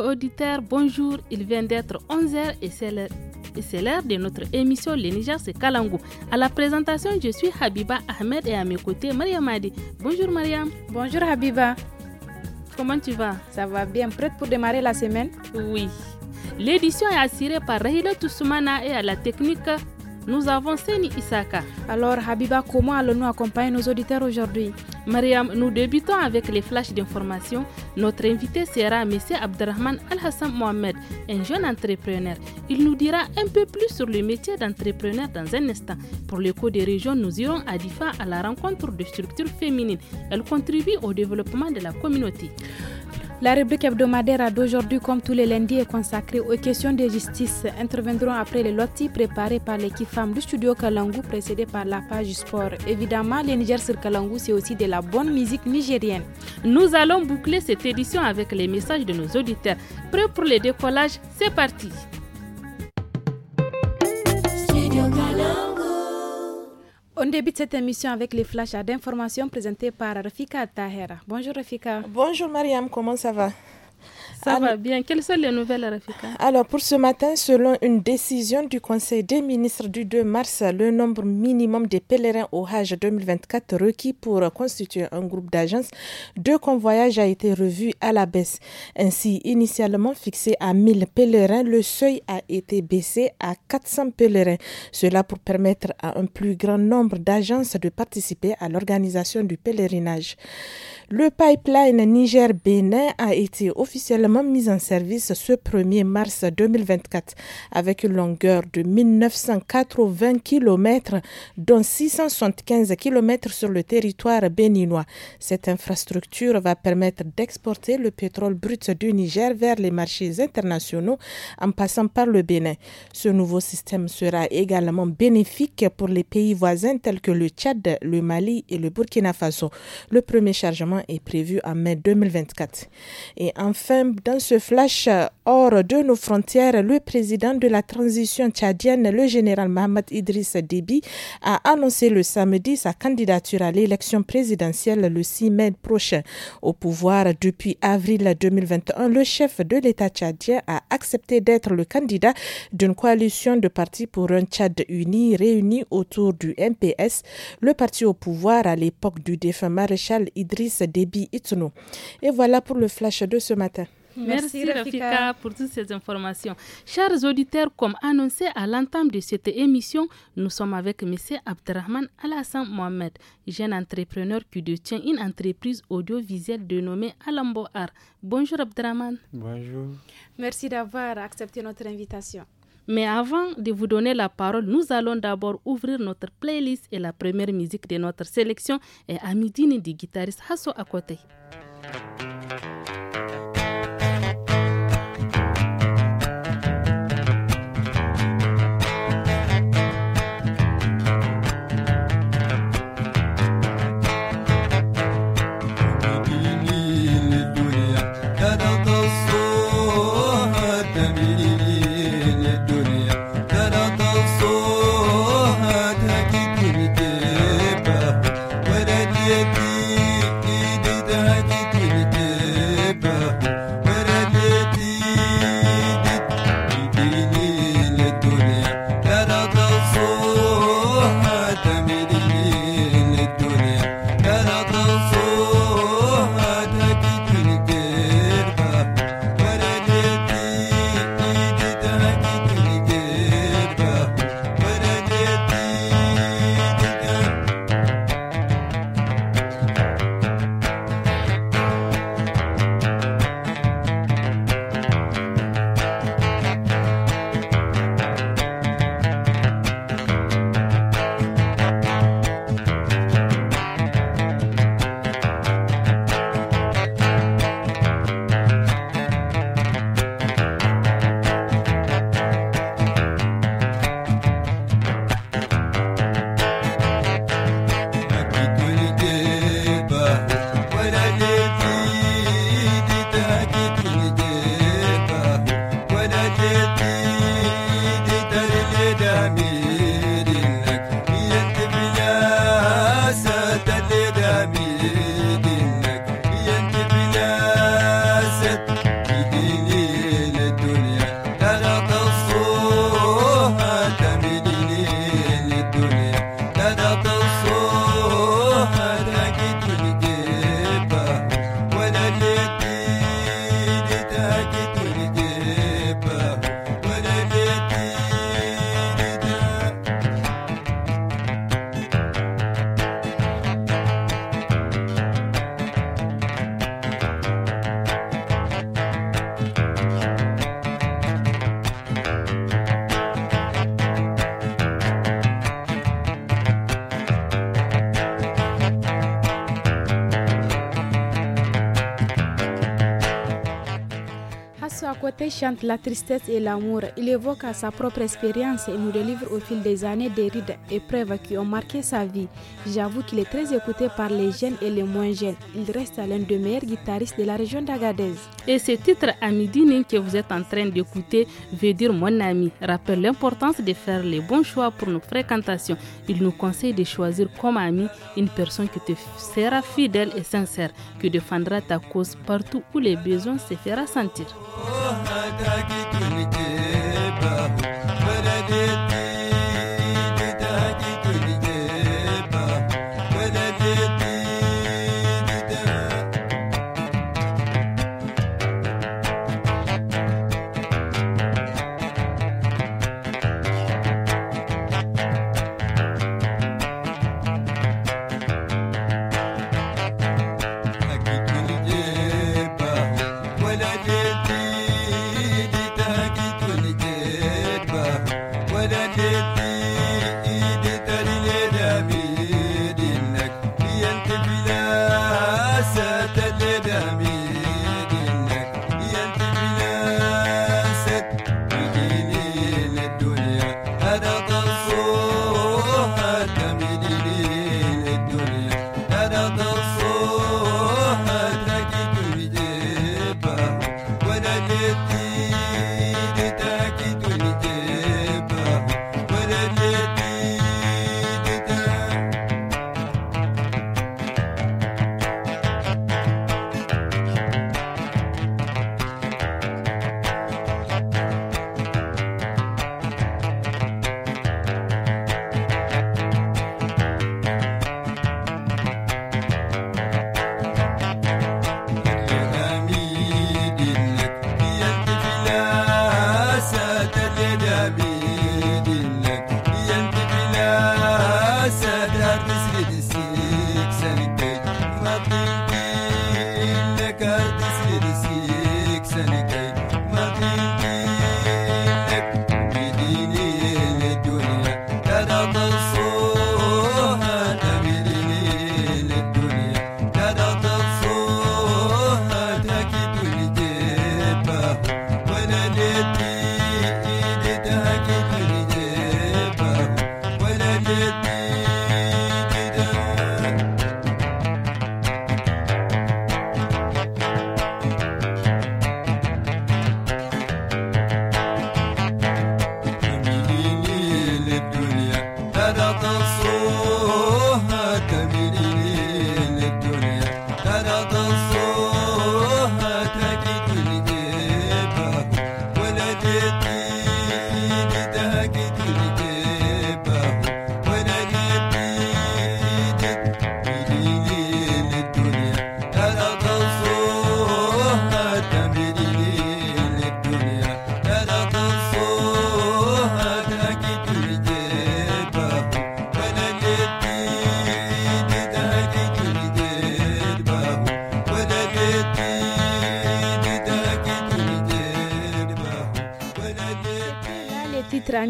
auditeurs, bonjour. Il vient d'être 11h et c'est l'heure de notre émission Les Niger c'est Kalangou. À la présentation, je suis Habiba Ahmed et à mes côtés Mariam Adi. Bonjour Mariam. Bonjour Habiba. Comment tu vas Ça va bien, prête pour démarrer la semaine Oui. L'édition est assurée par Rahida Toussoumana et à la technique nous avons Seni Isaka. Alors Habiba, comment allons-nous accompagner nos auditeurs aujourd'hui Mariam, nous débutons avec les flashs d'information. Notre invité sera M. Abdelrahman Al-Hassan Mohamed, un jeune entrepreneur. Il nous dira un peu plus sur le métier d'entrepreneur dans un instant. Pour l'écho des régions, nous irons à Difa à la rencontre de structures féminines. Elles contribuent au développement de la communauté. La rubrique hebdomadaire d'aujourd'hui, comme tous les lundis, est consacrée aux questions de justice. Interviendront après les lotis préparés par l'équipe femme du studio Kalangu, précédée par la page sport. Évidemment, les Niger sur Kalangu, c'est aussi de la bonne musique nigérienne. Nous allons boucler cette édition avec les messages de nos auditeurs. Prêts pour le décollage, c'est parti! On débute cette émission avec les flashs d'informations présentés par Rafika Tahera. Bonjour Rafika. Bonjour Mariam, comment ça va ça va bien. Quelles sont les nouvelles, Rafika Alors, pour ce matin, selon une décision du Conseil des ministres du 2 mars, le nombre minimum des pèlerins au Hajj 2024 requis pour constituer un groupe d'agences de convoyage a été revu à la baisse. Ainsi, initialement fixé à 1000 pèlerins, le seuil a été baissé à 400 pèlerins. Cela pour permettre à un plus grand nombre d'agences de participer à l'organisation du pèlerinage. Le pipeline Niger-Bénin a été officiellement mis en service ce 1er mars 2024 avec une longueur de 1980 km dont 675 km sur le territoire béninois. Cette infrastructure va permettre d'exporter le pétrole brut du Niger vers les marchés internationaux en passant par le Bénin. Ce nouveau système sera également bénéfique pour les pays voisins tels que le Tchad, le Mali et le Burkina Faso. Le premier chargement est prévu en mai 2024. Et enfin, dans ce flash hors de nos frontières, le président de la transition tchadienne, le général Mohamed Idriss Déby, a annoncé le samedi sa candidature à l'élection présidentielle le 6 mai prochain. Au pouvoir depuis avril 2021, le chef de l'État tchadien a accepté d'être le candidat d'une coalition de partis pour un Tchad uni réuni autour du MPS, le parti au pouvoir à l'époque du défunt maréchal Idriss débit Et voilà pour le flash de ce matin. Merci, Rafika pour toutes ces informations. Chers auditeurs, comme annoncé à l'entame de cette émission, nous sommes avec M. Abdrahman Alassane Mohamed, jeune entrepreneur qui détient une entreprise audiovisuelle dénommée Alambo Art. Bonjour Abdrahman. Bonjour. Merci d'avoir accepté notre invitation. Mais avant de vous donner la parole, nous allons d'abord ouvrir notre playlist et la première musique de notre sélection est Amidine du guitariste Hasso Akote. chante la tristesse et l'amour. Il évoque sa propre expérience et nous délivre au fil des années des rides, preuves qui ont marqué sa vie. J'avoue qu'il est très écouté par les jeunes et les moins jeunes. Il reste l'un des meilleurs guitaristes de la région d'Agadez. Et ce titre Amidine que vous êtes en train d'écouter veut dire mon ami. Rappelle l'importance de faire les bons choix pour nos fréquentations. Il nous conseille de choisir comme ami une personne qui te sera fidèle et sincère, qui défendra ta cause partout où les besoins se fera sentir. Oh, Tak tak tak tak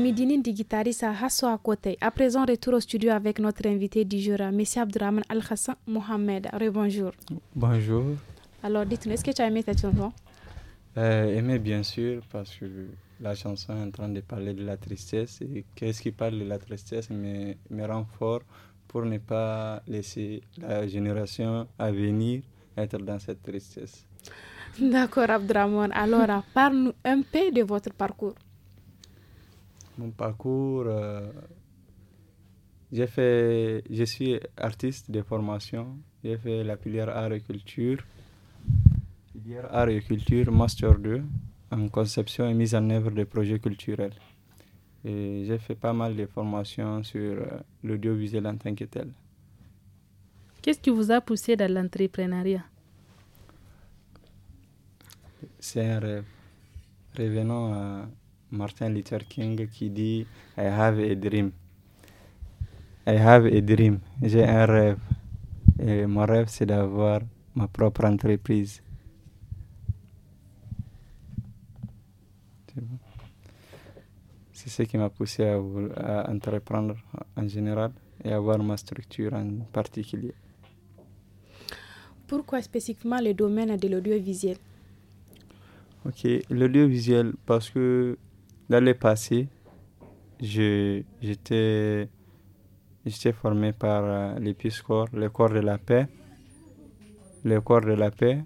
Midi à côté. À présent, retour au studio avec notre invité du jour, M. Abdurrahman Al-Hassan Mohamed. Rebonjour. Bonjour. Alors, dites-nous, est-ce que tu as aimé cette chanson euh, Aimé, bien sûr, parce que la chanson est en train de parler de la tristesse. Et qu'est-ce qui parle de la tristesse mais me rend fort pour ne pas laisser la génération à venir être dans cette tristesse. D'accord, Abdurrahman. Alors, parle-nous un peu de votre parcours mon parcours, euh, fait, je suis artiste de formation. J'ai fait la filière art et culture, filière art et culture, master 2, en conception et mise en œuvre de projets culturels. Et j'ai fait pas mal de formations sur euh, l'audiovisuel en tant que tel. Qu'est-ce qui vous a poussé dans l'entrepreneuriat C'est un rêve. Revenons à Martin Luther King qui dit I have a dream. I have a dream. J'ai un rêve. Et mon rêve, c'est d'avoir ma propre entreprise. C'est ce qui m'a poussé à, à, entreprendre en général et avoir ma structure en particulier. Pourquoi spécifiquement le domaine de l'audiovisuel Ok, l'audiovisuel parce que dans le passé, j'étais formé par euh, corps le corps de la paix, le corps de la paix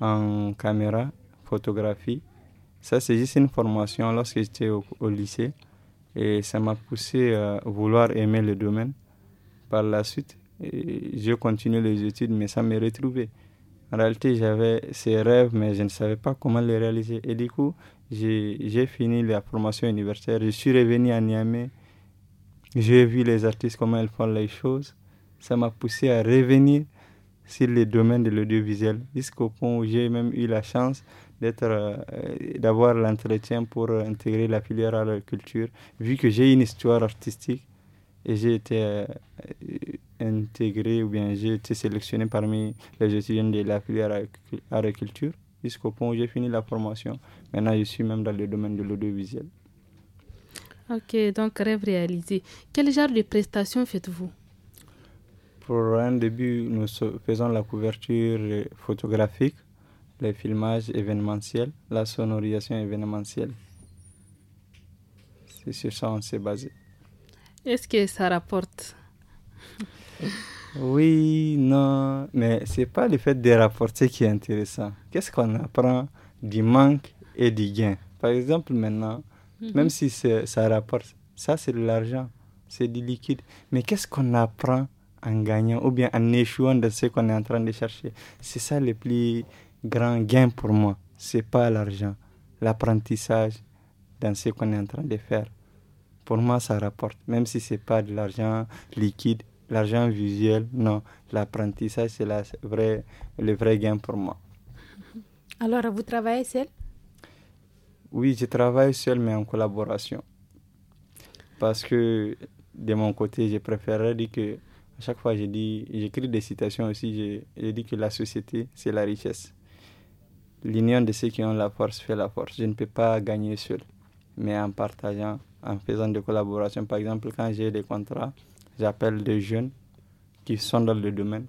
en caméra, photographie. Ça, c'est juste une formation lorsque j'étais au, lycée et ça m'a poussé à vouloir aimer le domaine. Par la suite, j'ai continué les études, mais ça m'est retrouvé. En réalité, j'avais ces rêves, mais je ne savais pas comment les réaliser. Et du coup, j'ai fini la formation universitaire, je suis revenu à Niamey, j'ai vu les artistes, comment ils font les choses. Ça m'a poussé à revenir sur le domaine de l'audiovisuel, jusqu'au point où j'ai même eu la chance d'être, euh, d'avoir l'entretien pour intégrer la filière à la culture, vu que j'ai une histoire artistique et j'ai été euh, intégré ou bien j'ai été sélectionné parmi les étudiants de la filière à la culture jusqu'au point où j'ai fini la formation. Maintenant, je suis même dans le domaine de l'audiovisuel. Ok, donc rêve réalisé. Quel genre de prestations faites-vous Pour un début, nous faisons la couverture photographique, les filmages événementiels, la sonorisation événementielle. C'est sur ça qu'on s'est basé. Est-ce que ça rapporte Oui, non, mais ce c'est pas le fait de rapporter qui est intéressant. Qu'est-ce qu'on apprend du manque et du gain Par exemple, maintenant, mhm. même si ça rapporte, ça c'est de l'argent, c'est du liquide. Mais qu'est-ce qu'on apprend en gagnant ou bien en échouant dans ce qu'on est en train de chercher C'est ça le plus grand gain pour moi. C'est pas l'argent, l'apprentissage dans ce qu'on est en train de faire. Pour moi, ça rapporte, même si c'est pas de l'argent liquide, l'argent visuel. Non, l'apprentissage, c'est la le vrai gain pour moi. Alors, vous travaillez seul Oui, je travaille seul, mais en collaboration. Parce que de mon côté, je préférerais dire que, à chaque fois, je j'écris des citations aussi, je, je dis que la société, c'est la richesse. L'union de ceux qui ont la force fait la force. Je ne peux pas gagner seul, mais en partageant, en faisant des collaborations. Par exemple, quand j'ai des contrats, J'appelle des jeunes qui sont dans le domaine.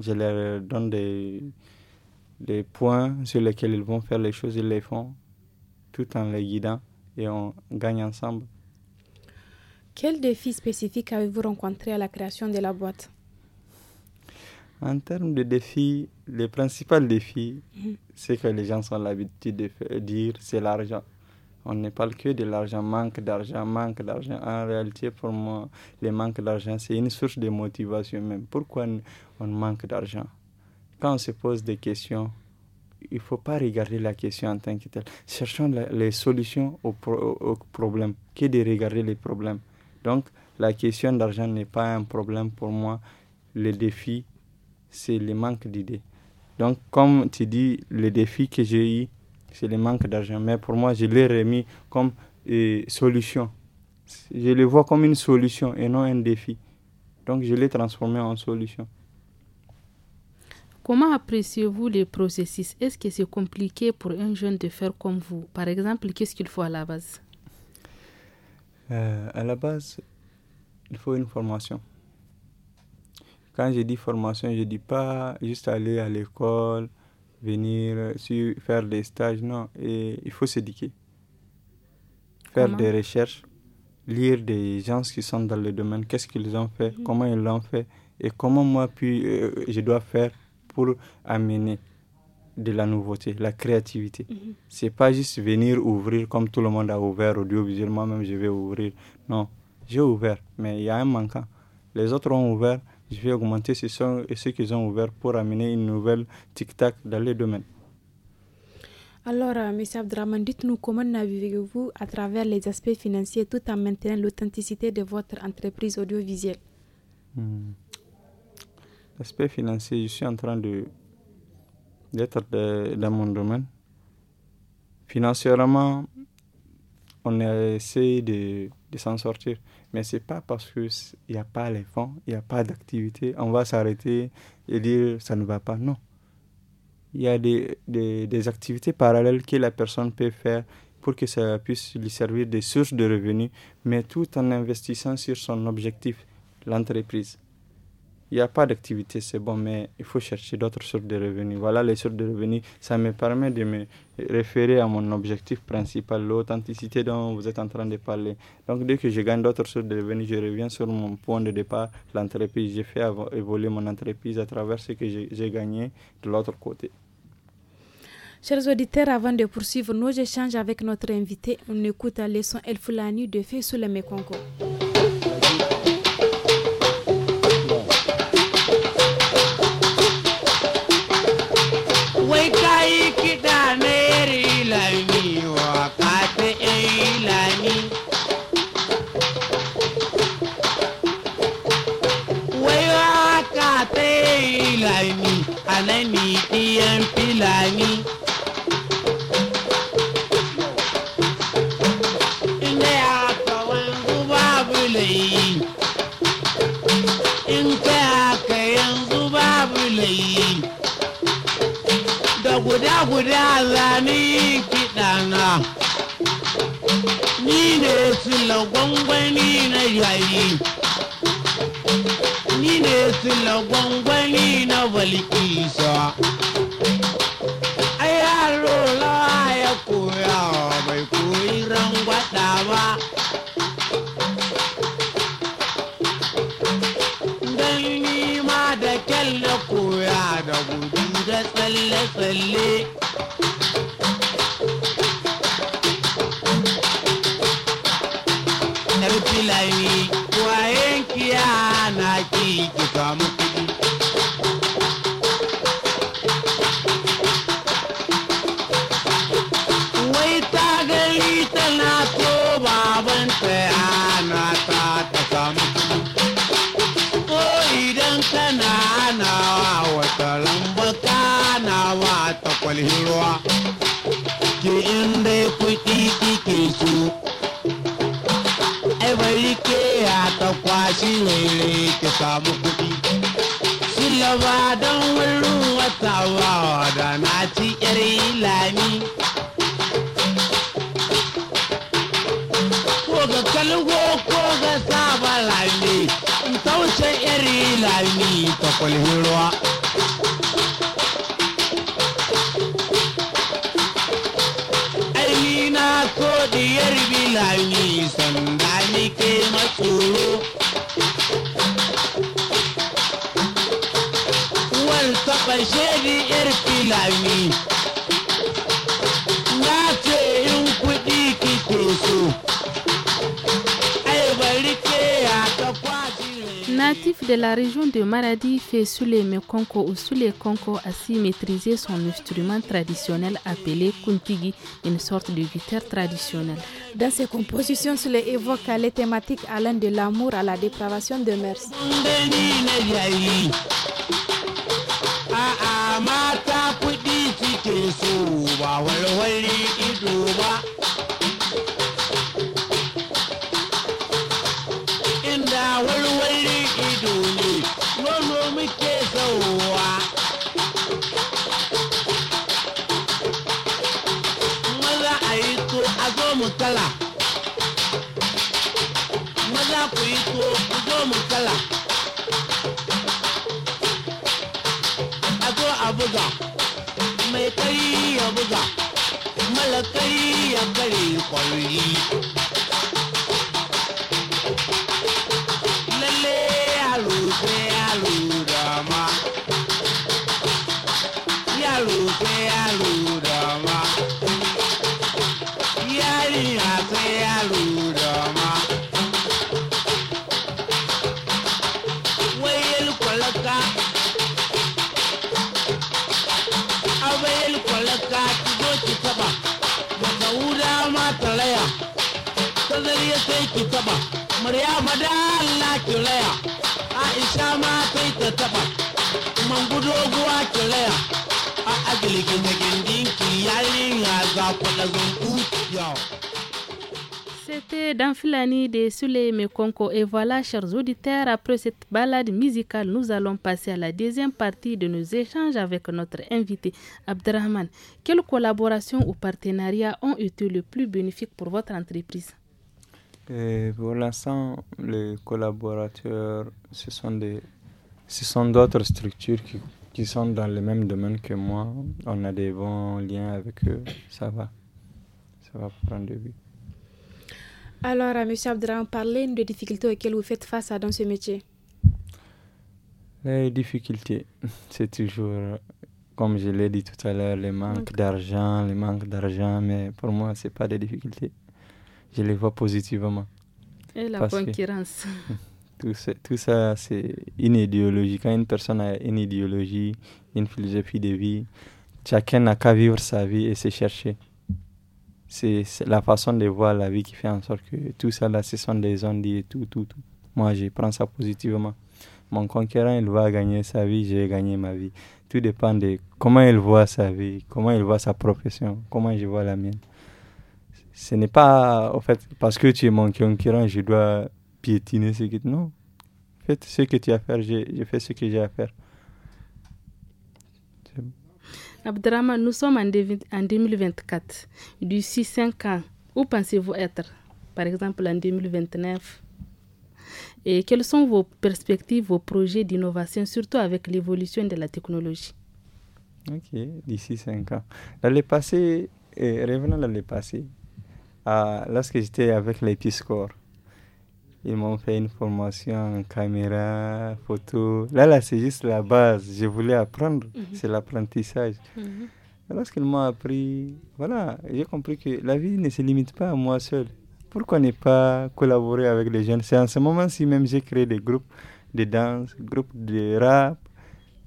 Je leur donne des, points sur lesquels ils vont faire les choses, ils les font, tout en les guidant et on gagne ensemble. Quel défi spécifique avez-vous rencontré à la création de la boîte En termes de défis, le principal défi, mhm. c'est que les gens sont l'habitude de dire, c'est l'argent. On ne parle que de l'argent, manque d'argent, manque d'argent. En réalité, pour moi, le manque d'argent, c'est une source de motivation même. Pourquoi on manque d'argent Quand on se pose des questions, il ne faut pas regarder la question en tant que telle. Cherchons les solutions aux au problèmes que de regarder les problèmes. Donc, la question d'argent n'est pas un problème pour moi. Le défi, c'est le manque d'idées. Donc, comme tu dis, le défi que j'ai eu, c'est le manque d'argent. Mais pour moi, je l'ai remis comme euh, solution. Je le vois comme une solution et non un défi. Donc je l'ai transformé en solution. Comment appréciez-vous les processus Est-ce que c'est compliqué pour un jeune de faire comme vous Par exemple, qu'est-ce qu'il faut à la base euh, À la base, il faut une formation. Quand je dis formation, je ne dis pas juste aller à l'école, venir sur, faire des stages, non. Et il faut s'éduquer. Faire des recherches, lire des gens qui sont dans le domaine, qu'est-ce qu'ils ont fait, mhm. comment ils l'ont fait et comment moi puis, euh, je dois faire pour amener de la nouveauté, la créativité. Ce mhm. n'est C'est pas juste venir ouvrir comme tout le monde a ouvert audiovisuel, moi-même je vais ouvrir. Non, j'ai ouvert, mais il y a un manquant. Les autres ont ouvert, je vais augmenter ce, sont, ce qu'ils ont ouvert pour amener une nouvelle tic-tac dans les domaines. Alors, euh, M. Abdraman, dites-nous comment naviguez-vous à travers les aspects financiers tout en maintenant l'authenticité de votre entreprise audiovisuelle hmm. L'aspect financier, je suis en train d'être dans mon domaine. Financièrement, on a essayé de de s'en sortir. Mais ce n'est pas parce qu'il n'y a pas les fonds, il n'y a pas d'activité, on va s'arrêter et dire ça ne va pas. Non. Il y a des, activités parallèles que la personne peut faire pour que ça puisse lui servir des sources de revenus, mais tout en investissant sur son objectif, l'entreprise il n'y a pas d'activité, c'est bon, mais il faut chercher d'autres sources de revenus. Voilà les sources de revenus. Ça me permet de me référer à mon objectif principal, l'authenticité dont vous êtes en train de parler. Donc, dès que je gagne d'autres sources de revenus, je reviens sur mon point de départ, l'entreprise. J'ai fait évoluer mon entreprise à travers ce que j'ai gagné de l'autre côté. Chers auditeurs, avant de poursuivre nos échanges avec notre invité, on écoute la leçon El Fulani de sous le Mekongo. a nan ɗiyan filani inda ya kawan babu layi in ka haka yanzu babu layi da guda-guda zane kiɗana ni ne su gwangwani na yayi. sila gwangwani na balkisa a yaro ya koya bai koyi rangwada ba don nima da kyal na koya da gudu da tsalle-tsalle والهروع Alina ko diyar bilani sanda nike matsoro wal taɓa shari'ar filani de la région de Maradi, fait sous les Mekonko ou les Konko à s'y maîtriser son instrument traditionnel appelé kuntigi, une sorte de guitare traditionnelle. Dans ses compositions, Sule évoque les thématiques allant de l'amour à la dépravation de merci. mu kala maza ku yi tuwo ku zo mu kala a zo a buga mai kari ya mala kari ya kare kwari C'était Dan ma C'était de Suleyme Mekonko. Et voilà, chers auditeurs, après cette balade musicale, nous allons passer à la deuxième partie de nos échanges avec notre invité, Abdrahman. Quelles collaborations ou partenariats ont été le plus bénéfiques pour votre entreprise pour l'instant, les collaborateurs, ce sont des, ce sont d'autres structures qui, qui, sont dans le même domaine que moi. On a des bons liens avec eux. Ça va, ça va prendre de vue. Alors, euh, M. Abdran, parlez nous des difficultés auxquelles vous faites face dans ce métier. Les difficultés, c'est toujours, euh, comme je l'ai dit tout à l'heure, les manques d'argent, les manques d'argent, mais pour moi, ce n'est pas des difficultés je les vois positivement. Et la conquérance Tout ça, c'est une idéologie. Quand une personne a une idéologie, une philosophie de vie, chacun n'a qu'à vivre sa vie et se chercher. C'est la façon de voir la vie qui fait en sorte que tout ça, là, ce sont des ondes et tout, tout, tout. Moi, je prends ça positivement. Mon conquérant, il va gagner sa vie, j'ai gagné ma vie. Tout dépend de comment il voit sa vie, comment il voit sa profession, comment je vois la mienne ce n'est pas, en fait, parce que tu es mon concurrent, je dois piétiner ce que... Non. Faites ce que tu as à faire, j'ai fais ce que j'ai à faire. nous sommes en, 2024. D'ici 5 ans, où pensez-vous être Par exemple, en 2029 et quelles sont vos perspectives, vos projets d'innovation, surtout avec l'évolution de la technologie Ok, d'ici 5 ans. L'année passée, euh, revenons à l'année passée, ah, lorsque j'étais avec les Piscor, ils m'ont fait une formation en caméra, photo. Là, là, c'est juste la base. Je voulais apprendre. Mhm. C'est l'apprentissage. Mhm. Lorsqu'ils m'ont appris, voilà, j'ai compris que la vie ne se limite pas à moi seul. Pourquoi ne pas collaborer avec les jeunes C'est en ce moment-ci même j'ai créé des groupes de danse, groupes de rap,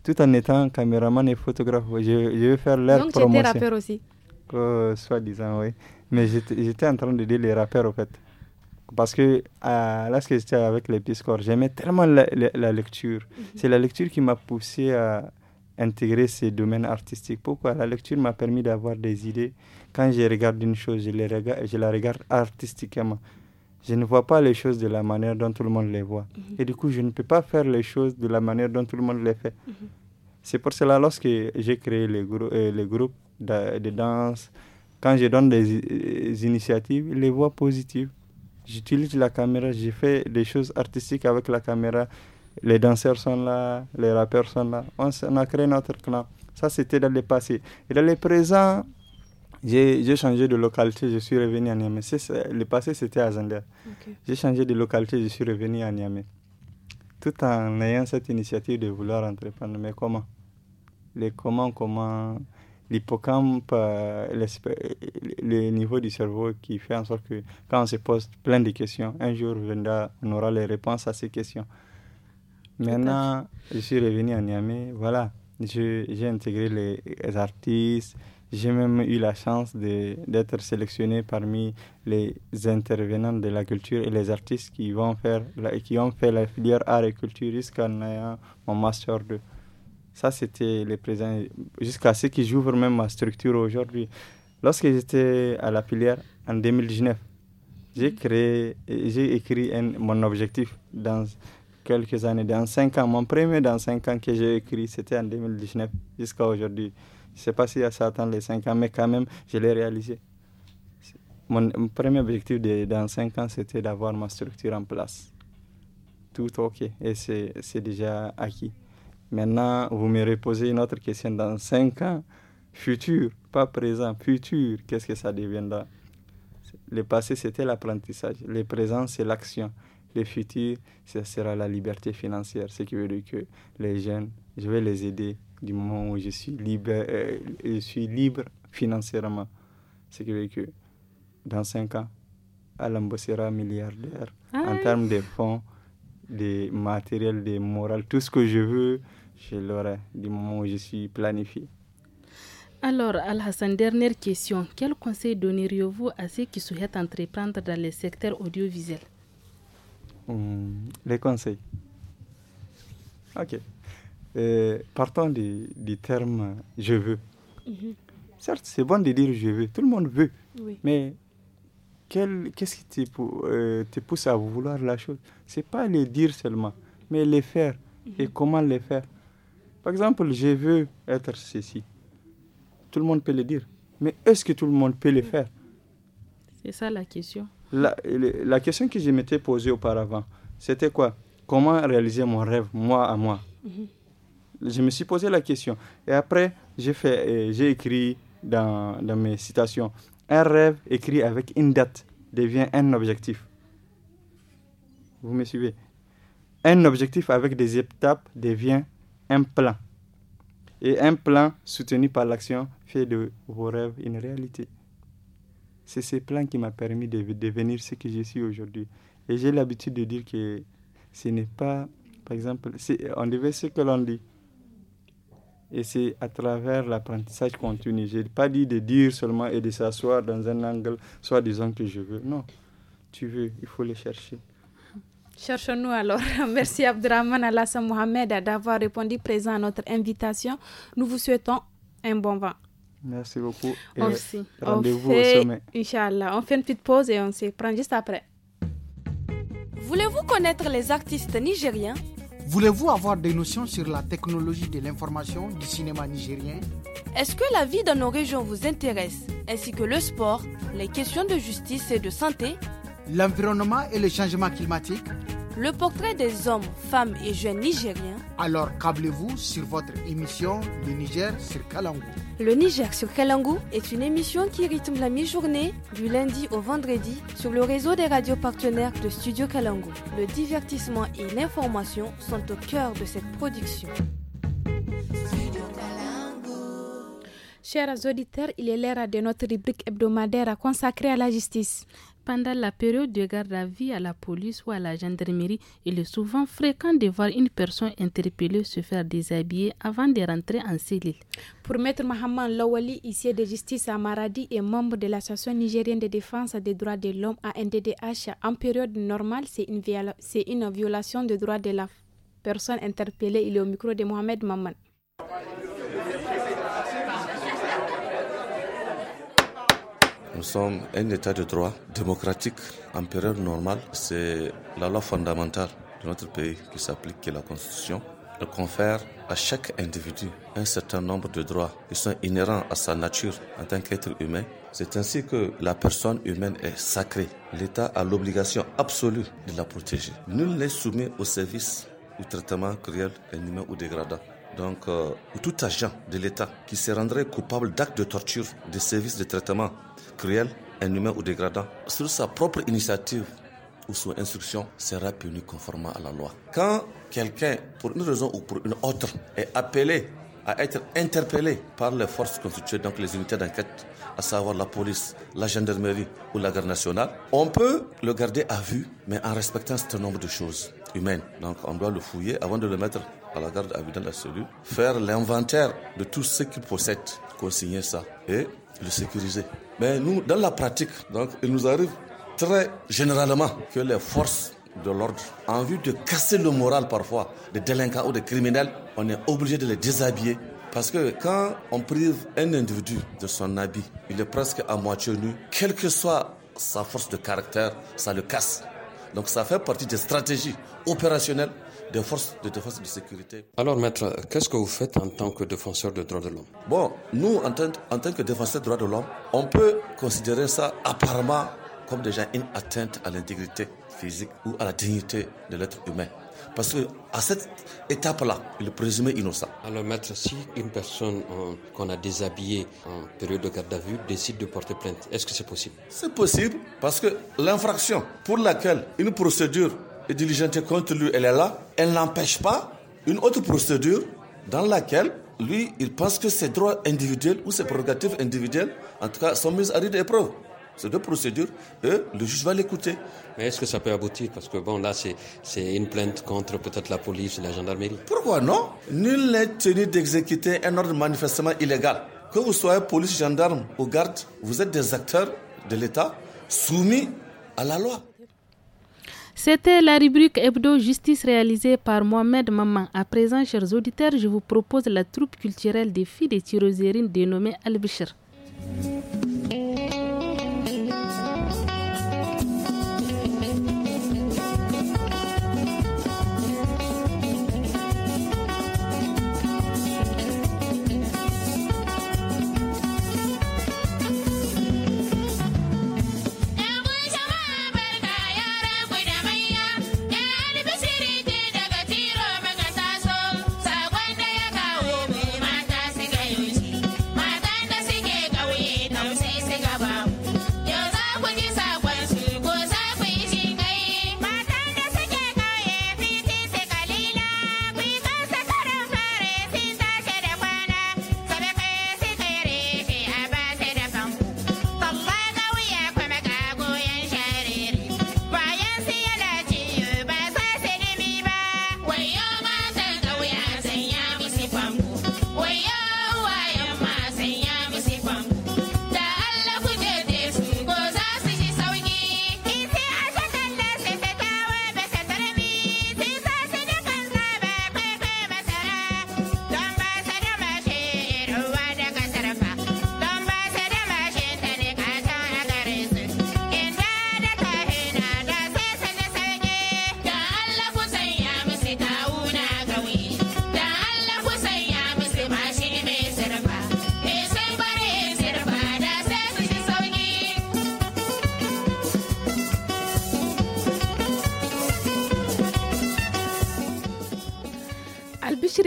tout en étant caméraman et photographe. Je, veux vais faire leur Donc, promotion. Donc, tu étais rappeur aussi euh, Soi-disant, oui. Mais j'étais en train de les rappeurs, en fait. Parce que ce euh, lorsque j'étais avec les Piscors, j'aimais tellement la, lecture. Mhm. C'est la lecture qui m'a poussé à intégrer ces domaines artistiques. Pourquoi La lecture m'a permis d'avoir des idées. Quand je regarde une chose, je, les regarde, je la regarde artistiquement. Je ne vois pas les choses de la manière dont tout le monde les voit. Mhm. Et du coup, je ne peux pas faire les choses de la manière dont tout le monde les fait. Mhm. C'est pour cela, lorsque j'ai créé le euh, groupe de danse, quand je donne des euh, initiatives, les voix positives. J'utilise la caméra, j'ai fait des choses artistiques avec la caméra. Les danseurs sont là, les rappeurs sont là. On, a créé notre clan. Ça, c'était dans le passé. Et dans le présent, j'ai changé de localité, je suis revenu à Niamey. Le passé, c'était à Zander. J'ai changé de localité, je suis revenu à Niamey. Tout en ayant cette initiative de vouloir entreprendre. Mais comment Les comment, comment l'hippocampe, euh, euh, le niveau du cerveau qui fait en sorte que quand on se pose plein de questions, un jour on aura les réponses à ces questions. Maintenant, je suis revenu à Niamey, voilà, j'ai intégré les, artistes, j'ai même eu la chance d'être sélectionné parmi les intervenants de la culture et les artistes qui, vont faire, qui ont fait la filière art et culture jusqu'en mon master 2. Ça, c'était les présents, jusqu'à ce que j'ouvre même ma structure aujourd'hui. Lorsque j'étais à la filière en 2019, j'ai mhm. créé, j'ai écrit mon objectif dans quelques années, dans cinq ans. Mon premier dans cinq ans que j'ai écrit, c'était en 2019 jusqu'à aujourd'hui. Je ne sais pas si ça attend les cinq ans, mais quand même, je l'ai réalisé. Mon, premier objectif de, dans cinq ans, c'était d'avoir ma structure en place. Tout OK, et c'est déjà acquis. Maintenant, vous me reposez une autre question dans cinq ans, futur, pas présent, futur, qu'est-ce que ça deviendra Le passé, c'était l'apprentissage. Le présent, c'est l'action. Le futur, ce sera la liberté financière. Ce qui veut dire que les jeunes, je vais les aider du moment où je suis libre, euh, je suis libre financièrement. Ce qui veut dire que dans cinq ans, Alambo sera milliardaire en ah termes de fonds, de matériel, de morale, tout ce que je veux je l'aurai du moment où je suis planifié. Alors, Al-Hassan, dernière question. Quel conseil donneriez-vous à ceux qui souhaitent entreprendre dans le secteur audiovisuel hmm, Les conseils. Ok. Euh, partons du, terme je veux. Mhm. Certes, c'est bon de dire je veux. Tout le monde veut. Mais qu'est-ce qui euh, te, pousse à vouloir la chose C'est pas le dire seulement, mais le faire. Et mhm. comment le faire par exemple, je veux être ceci. Tout le monde peut le dire. Mais est-ce que tout le monde peut le faire C'est ça la question. La, question que je m'étais posée auparavant, c'était quoi Comment réaliser mon rêve, moi à moi mhm. Je me suis posé la question. Et après, euh, j'ai écrit dans, dans mes citations, un rêve écrit avec une date devient un objectif. Vous me suivez Un objectif avec des étapes devient un plan. Et un plan soutenu par l'action fait de vos rêves une réalité. C'est ce plan qui m'a permis de devenir ce que je suis aujourd'hui. Et j'ai l'habitude de dire que ce n'est pas, par exemple, on devait ce que l'on dit. Et c'est à travers l'apprentissage continu. Je n'ai pas dit de dire seulement et de s'asseoir dans un angle, soit disant que je veux. Non, tu veux, il faut le chercher. Cherchons-nous alors. Merci Abdraman Alassane Mohamed d'avoir répondu présent à notre invitation. Nous vous souhaitons un bon vent. Merci beaucoup. Merci. rendez au sommet. Inch'Allah. On fait une petite pause et on se prend juste après. Voulez-vous connaître les artistes nigériens Voulez-vous avoir des notions sur la technologie de l'information du cinéma nigérien Est-ce que la vie dans nos régions vous intéresse, ainsi que le sport, les questions de justice et de santé l'environnement et le changement climatique. Le portrait des hommes, femmes et jeunes nigériens. Alors câblez-vous sur votre émission Le Niger sur Kalangou. Le Niger sur Kalangou est une émission qui rythme la mi-journée du lundi au vendredi sur le réseau des radios partenaires de Studio Kalangou. Le divertissement et l'information sont au cœur de cette production. Chers auditeurs, il est l'heure de notre rubrique hebdomadaire consacrée à la justice pendant la période de garde à vie à la police ou à la gendarmerie, il est souvent fréquent de voir une personne interpellée se faire déshabiller avant de rentrer en cellule. Pour Maître Mohamed Lawali, ici de justice à Maradi et membre de l'Association nigérienne de défense des droits de l'homme à NDDH, en période normale, c'est une, une violation des droits de la personne interpellée. Il est au micro de Mohamed Maman. Nous sommes un État de droit démocratique en normal. C'est la loi fondamentale de notre pays qui s'applique, qui est la Constitution. Elle confère à chaque individu un certain nombre de droits qui sont inhérents à sa nature en tant qu'être humain. C'est ainsi que la personne humaine est sacrée. L'État a l'obligation absolue de la protéger. Nul n'est soumis au service ou traitement cruel, inhumain ou dégradant. Donc, euh, tout agent de l'État qui se rendrait coupable d'actes de torture, de services de traitement cruel, inhumain ou dégradant, sur sa propre initiative ou sous instruction, sera puni conformément à la loi. Quand quelqu'un, pour une raison ou pour une autre, est appelé à être interpellé par les forces constituées, donc les unités d'enquête, à savoir la police, la gendarmerie ou la garde nationale, on peut le garder à vue, mais en respectant un certain nombre de choses humaines. Donc on doit le fouiller avant de le mettre à la garde à vue dans la cellule, faire l'inventaire de tout ce qu'il possède, consigner ça et le sécuriser. Mais nous, dans la pratique, donc, il nous arrive très généralement que les forces de l'ordre, en vue de casser le moral parfois des délinquants ou des criminels, on est obligé de les déshabiller. Parce que quand on prive un individu de son habit, il est presque à moitié nu, quelle que soit sa force de caractère, ça le casse. Donc ça fait partie des stratégies opérationnelles forces de défense de sécurité. Alors, maître, qu'est-ce que vous faites en tant que défenseur des droits de l'homme Bon, nous, en tant, en tant que défenseur des droits de l'homme, on peut considérer ça apparemment comme déjà une atteinte à l'intégrité physique ou à la dignité de l'être humain. Parce que à cette étape-là, il est présumé innocent. Alors, maître, si une personne euh, qu'on a déshabillée en période de garde à vue décide de porter plainte, est-ce que c'est possible C'est possible parce que l'infraction pour laquelle une procédure et diligentée contre lui, elle est là. Elle n'empêche pas une autre procédure dans laquelle lui, il pense que ses droits individuels ou ses prérogatives individuelles, en tout cas, sont mises à rude épreuve. C'est deux procédures le juge va l'écouter. Mais est-ce que ça peut aboutir Parce que bon, là, c'est une plainte contre peut-être la police, la gendarmerie. Pourquoi non Nul n'est tenu d'exécuter un ordre manifestement illégal. Que vous soyez police, gendarme ou garde, vous êtes des acteurs de l'État soumis à la loi. C'était la rubrique Hebdo Justice réalisée par Mohamed Maman. À présent, chers auditeurs, je vous propose la troupe culturelle des filles des tyrosérines dénommée Al-Bishir.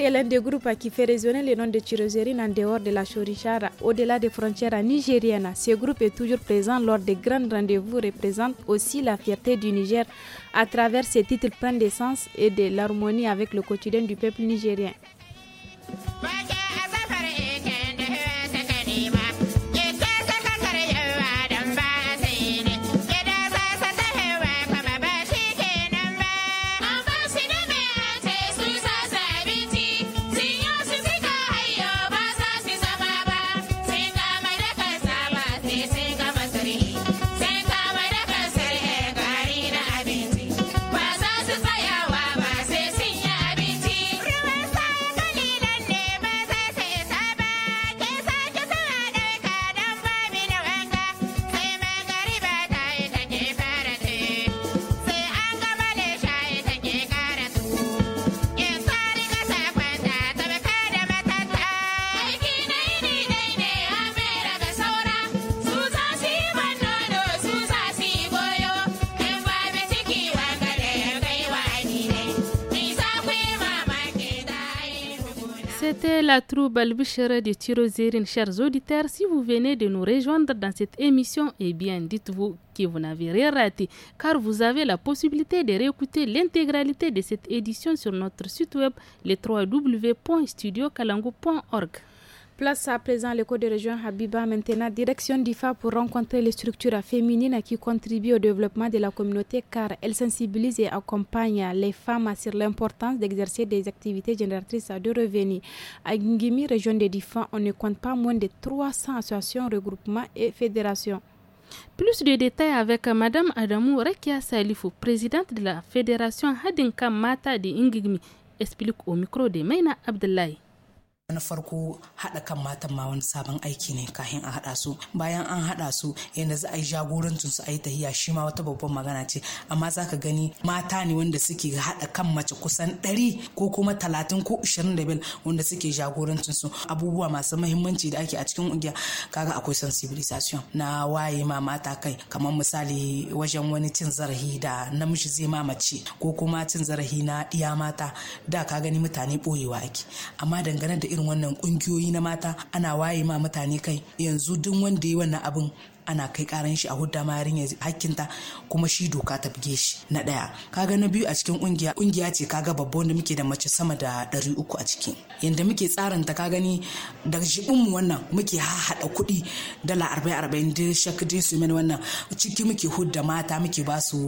est l'un des groupes qui fait résonner le nom de Tirozerine en dehors de la Chorichara, au-delà des frontières nigériennes. Ce groupe est toujours présent lors des grands rendez-vous, représente aussi la fierté du Niger. À travers ses titres, plein des et de l'harmonie avec le quotidien du peuple nigérien. la troupe de de Tirozérine, chers auditeurs, si vous venez de nous rejoindre dans cette émission, eh bien, dites-vous que vous n'avez rien raté, car vous avez la possibilité de réécouter l'intégralité de cette édition sur notre site web, le www.studiocalango.org. Place à présent code de région Habiba, maintenant direction d'IFA pour rencontrer les structures féminines qui contribuent au développement de la communauté car elles sensibilisent et accompagnent les femmes sur l'importance d'exercer des activités génératrices de revenus. À Ngimi, région de DIFA, on ne compte pas moins de 300 associations, regroupements et fédérations. Plus de détails avec Madame Adamou Rekia Salifu, présidente de la Fédération Hadinka Mata de Ngimi, explique au micro de Meina Abdelaye. na farko haɗa kan matan ma wani sabon aiki ne kafin a haɗa su bayan an haɗa su yanda za a yi jagorancin su a yi tahiya shi ma wata babban magana ce amma za ka gani mata ne wanda suke haɗa kan mace kusan ɗari ko kuma talatin ko ashirin da biyar wanda suke jagorancin su abubuwa masu mahimmanci da ake a cikin ungiya kaga akwai sensibilisation na waye ma mata kai kamar misali wajen wani cin zarafi da namiji zai ma mace ko kuma cin zarafi na ɗiya mata da ka gani mutane ɓoyewa ake amma dangane da irin irin wannan kungiyoyi na mata ana waye ma mutane kai yanzu duk wanda ya wannan abin ana kai karan shi a hudda ma yarinya ta kuma shi doka ta buge shi na daya kaga na biyu a cikin kungiya kungiya ce kaga babba wanda muke da mace sama da ɗari uku a ciki yanda muke tsarin ta ka gani da mu wannan muke hada kuɗi dala arba'in arba'in da shak da su wannan ciki muke hudda mata muke ba su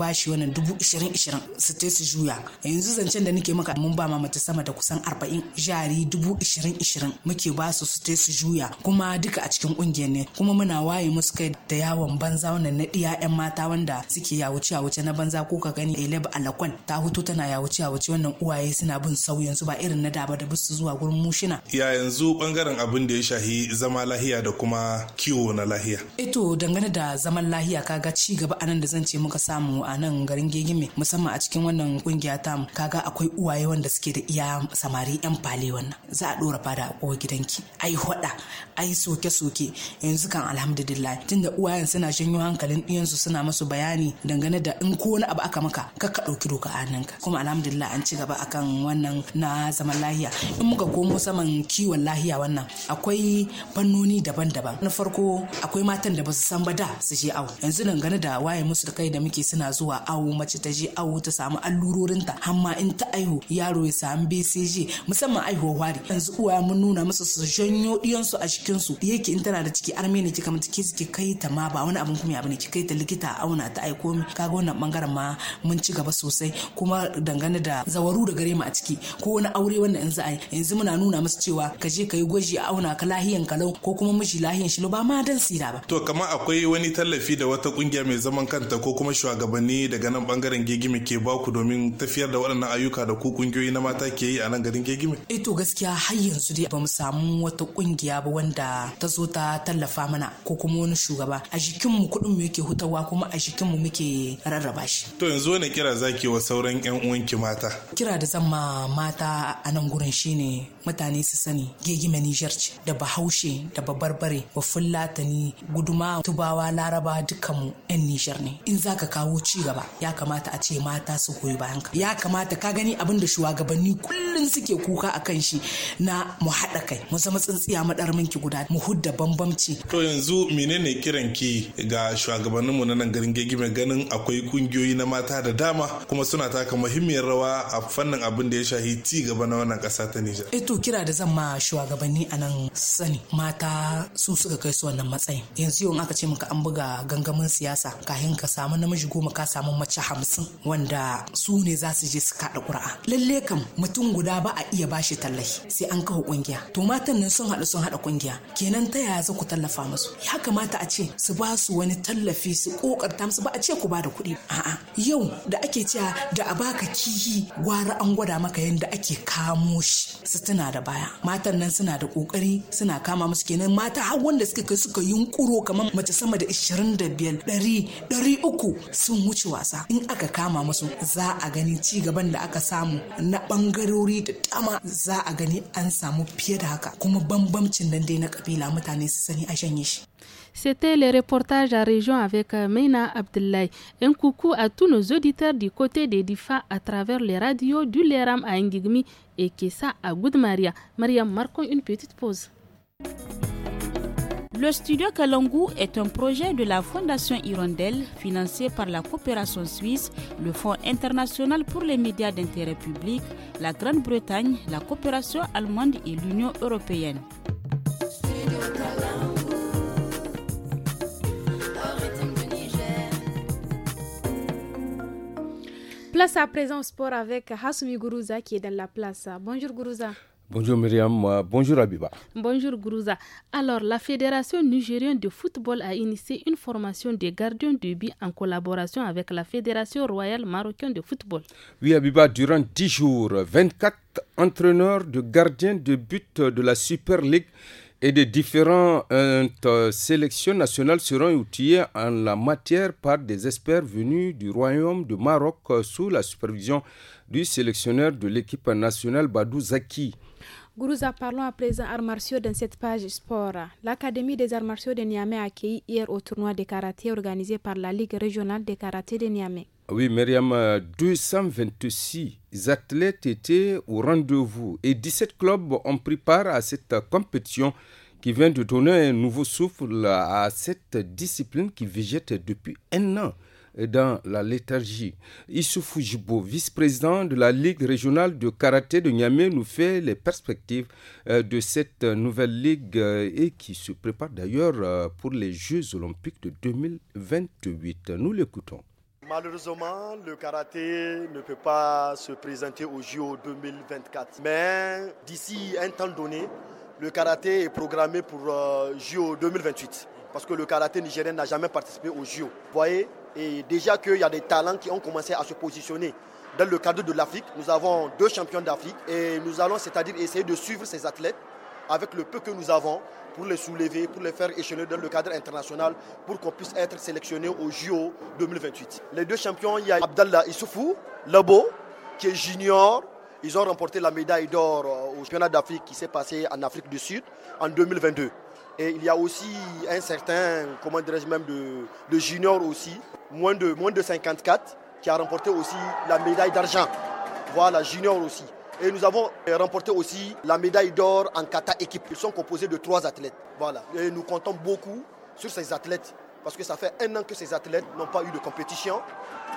bashi wannan dubu ishirin ishirin su te su juya yanzu zancen da nake maka mun ba ma mace sama da kusan arba'in jari dubu ishirin ishirin muke ba su su te su juya kuma duka a cikin kungiyar ne kuma muna waye suka da yawon banza wannan na ɗiya 'yan mata wanda suke yawuce wuce na banza ko ka gani eleb alakwan ta hutu tana ya wuce wannan uwaye suna bin sau yanzu ba irin na daba da bisu zuwa gurin mushina. Ya yanzu bangaren abin da ya shahi zama lahiya da kuma kiwo na lahiya. Ito eh dangane da zaman lahiya kaga ci gaba anan da zan ce muka samu a nan garin gegime musamman a cikin wannan kungiya ta kaga akwai uwaye wanda suke da iya samari yan fale wannan za a dora fada a gidanki ai hoda ai soke soke yanzu kan alhamdulillah hotline da uwayen suna janyo hankalin ɗiyansu suna masu bayani dangane da in ko wani abu aka maka ka ka ɗauki doka a ka. kuma alhamdulillah an ci gaba akan wannan na zaman lahiya in muka komo saman kiwon lahiya wannan akwai fannoni daban-daban na farko akwai matan da basu san ba da su je awo yanzu dangane da waye musu da kai da muke suna zuwa awo mace ta je awo ta samu allurorinta hamma in ta aihu yaro ya samu bcg musamman aihuwar wari yanzu uwa mun nuna musu su janyo ɗiyansu a cikinsu yake in tana da ciki armeni kika mace ki kai ta ma ba wani abin kuma abu ne ki kai ta likita auna ta aiko kaga wannan bangaren ma mun ci gaba sosai kuma dangane da zawaru da gare mu a ciki ko wani aure wannan yanzu a yanzu muna nuna musu cewa ka je ka yi gwaji a auna ka lahiyan kalau ko kuma miji lahiyan shi ba ma dan sira ba to kamar akwai wani tallafi da wata kungiya mai zaman kanta ko kuma shugabanni daga nan bangaren gegime ke baku domin tafiyar da waɗannan ayyuka da ku kungiyoyi na mata ke yi a nan garin gegime eh to gaskiya har yanzu dai ba mu samu wata kungiya ba wanda ta zo ta tallafa mana ko kuma wani shugaba a jikinmu kuɗin mu yake hutawa kuma a jikinmu muke rarraba shi to yanzu wani kira zaki wa sauran yan uwanki mata kira da zan ma mata a nan gurin shine mutane su sani gegime Niger ce da Bahaushe da Babarbare ba Fullatani guduma Tubawa Laraba dukkanmu yan Nijar ne in zaka kawo ci gaba ya kamata a ce mata su koyi bayan ka. ya kamata ka gani abin da shugabanni kullum suke kuka a kan shi na mu haɗa kai mu zama tsintsiya maɗar minki guda mu hudda bambamci to yanzu mine. menene kiran ki ga shugabanninmu na nan garin gegime ganin akwai kungiyoyi na mata da dama kuma suna taka muhimmiyar rawa a fannin abin da ya shahi ci gaba na wannan kasa ta Nijar. Eto eh kira da zan ma shugabanni a nan sani mata su suka kai su wannan matsayin. Yanzu yau aka ce maka an buga gangamin siyasa kahin ka samu namiji goma ka samu mace hamsin wanda su ne za su je su kaɗa ƙura'a. Lalle kam mutum guda ba a iya bashi tallafi sai an kawo kungiya. To matan nan sun haɗu sun haɗa kungiya kenan ta yaya za ku tallafa musu? Ya kamata kamata a ce su ba su wani tallafi su kokarta musu ba a ce ku ba da kuɗi a'a yau da ake cewa da a baka kihi gwara an gwada maka yadda ake kamo shi su tuna da baya matan nan suna da kokari suna kama musu kenan mata har wanda suka kai suka yunkuro kamar mace sama da 25 300 uku sun wuce wasa in aka kama musu za a gani ci gaban da aka samu na bangarori da dama za a gani an samu fiye da haka kuma bambamcin nan dai na kabila mutane su sani a shanye shi C'était le reportage à région avec euh, Meina Abdellah. Un coucou à tous nos auditeurs du côté des DIFA à travers les radios du Léram à Ngigmi et Kessa à Maria. Maria, marquons une petite pause. Le studio Kalangu est un projet de la Fondation Hirondelle financé par la coopération suisse, le Fonds international pour les médias d'intérêt public, la Grande-Bretagne, la coopération allemande et l'Union européenne. Place à présent au sport avec Hasumi Gourouza qui est dans la place. Bonjour Gourouza. Bonjour Myriam, euh, bonjour Abiba. Bonjour Gourouza. Alors, la Fédération nigérienne de football a initié une formation des gardiens de but en collaboration avec la Fédération royale marocaine de football. Oui Abiba, durant 10 jours, 24 entraîneurs de gardiens de but de la Super League et des différentes sélections nationales seront outillées en la matière par des experts venus du Royaume du Maroc euh, sous la supervision du sélectionneur de l'équipe nationale Badou Zaki. Gourouza, parlons à présent arts martiaux dans cette page sport. L'Académie des arts martiaux de Niamey a accueilli hier au tournoi de karaté organisé par la Ligue régionale de karaté de Niamey. Oui, Myriam, 226 euh, athlètes étaient au rendez-vous et 17 clubs ont pris part à cette compétition qui vient de donner un nouveau souffle à cette discipline qui végète depuis un an dans la léthargie. Issou Fujibo, vice-président de la Ligue régionale de karaté de Niamey, nous fait les perspectives euh, de cette nouvelle ligue euh, et qui se prépare d'ailleurs pour les Jeux olympiques de 2028. Nous l'écoutons. Malheureusement, le karaté ne peut pas se présenter au JO 2024. Mais d'ici un temps donné, le karaté est programmé pour euh, JO 2028. Parce que le karaté nigérien n'a jamais participé au JO. Vous voyez Et déjà qu'il y a des talents qui ont commencé à se positionner. Dans le cadre de l'Afrique, nous avons deux champions d'Afrique et nous allons c'est-à-dire essayer de suivre ces athlètes avec le peu que nous avons pour les soulever, pour les faire échelonner dans le cadre international, pour qu'on puisse être sélectionné au JO 2028. Les deux champions, il y a Abdallah Issoufou, Labo, qui est junior. Ils ont remporté la médaille d'or euh, au championnat d'Afrique qui s'est passé en Afrique du Sud en 2022. Et il y a aussi un certain, comment dirais-je même, de, junior aussi, moins de, moins de 54, qui a remporté aussi la médaille d'argent. Voilà, junior aussi. Et nous avons euh, remporté aussi la médaille d'or en kata équipe. Ils sont composés de trois athlètes. Voilà. Et nous comptons beaucoup sur ces athlètes parce que ça fait un an que ces athlètes n'ont pas eu de compétition.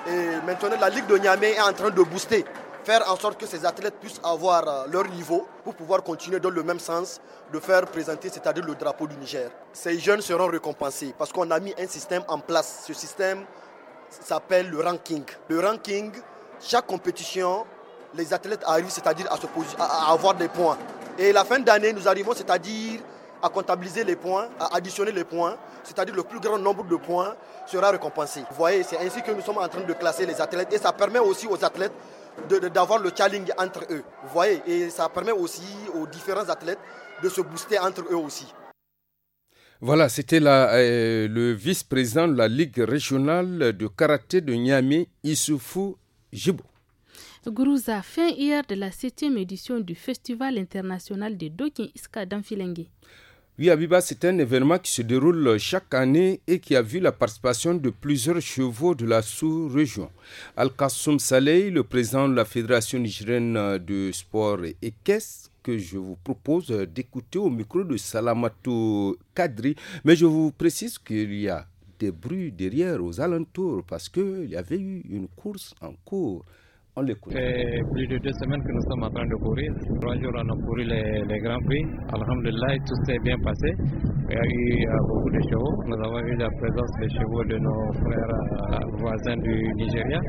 Et maintenant, la Ligue de Niamey est en train de booster, faire en sorte que ces athlètes puissent avoir euh, leur niveau pour pouvoir continuer dans le même sens de faire présenter, c'est-à-dire le drapeau du Niger. Ces jeunes seront récompensés parce qu'on a mis un système en place. Ce système s'appelle le ranking. Le ranking, chaque compétition les athlètes arrivent, c'est-à-dire à, se à avoir des points. Et la fin d'année, nous arrivons, c'est-à-dire à comptabiliser les points, à additionner les points, c'est-à-dire le plus grand nombre de points sera récompensé. Vous voyez, c'est ainsi que nous sommes en train de classer les athlètes et ça permet aussi aux athlètes d'avoir le challenge entre eux. Vous voyez, et ça permet aussi aux différents athlètes de se booster entre eux aussi. Voilà, c'était euh, le vice-président de la Ligue régionale de karaté de Niamey, Issoufou Jibou. Gourouza, fin hier de la 7e édition du Festival international des Dokin Iska d'Anfilengue. Oui, Abiba, c'est un événement qui se déroule chaque année et qui a vu la participation de plusieurs chevaux de la sous-région. Al-Kassoum Saleh, le président de la Fédération nigérienne de sport et qu'est-ce que je vous propose d'écouter au micro de Salamato Kadri. Mais je vous précise qu'il y a des bruits derrière aux alentours parce qu'il y avait eu une course en cours. On fait euh, plus de deux semaines que nous sommes en train de courir. Trois jours, on a couru les, les Grands Prix. Alhamdulillah, tout s'est bien passé. Il y a eu euh, beaucoup de chevaux. Nous avons eu la présence des chevaux de nos frères euh, voisins du Nigeria.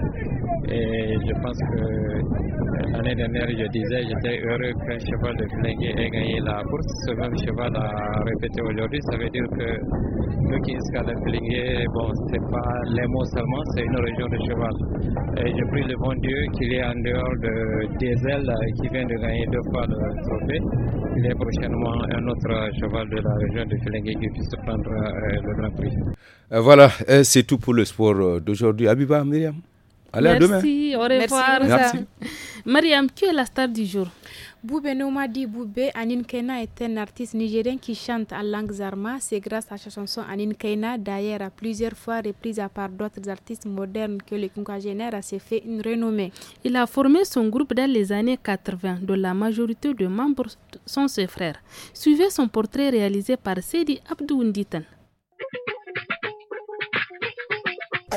Et je pense que l'année dernière, je disais, j'étais heureux qu'un cheval de Flingué ait gagné la course. Ce même cheval a répété aujourd'hui. Ça veut dire que le Kinska de Flingué, bon, c'est pas les mots seulement, c'est une région de cheval. Et je prie le bon Dieu il est en dehors de Diesel qui vient de gagner deux fois le trophée. Il est prochainement un autre cheval de la région de Filingue qui puisse prendre euh, le Grand Prix. Euh, voilà, euh, c'est tout pour le sport d'aujourd'hui. Abiba, Myriam. Merci, Au revoir. Merci. Mariam, qui est la star du jour Boube Nomadi Boubé, Anin Kena est un artiste nigérien qui chante en langue zarma. C'est grâce à sa chanson Anin Kena, d'ailleurs à plusieurs fois reprise par d'autres artistes modernes, que le a a fait une renommée. Il a formé son groupe dans les années 80, dont la majorité de membres sont ses frères. Suivez son portrait réalisé par Sedi Abdou Nditan.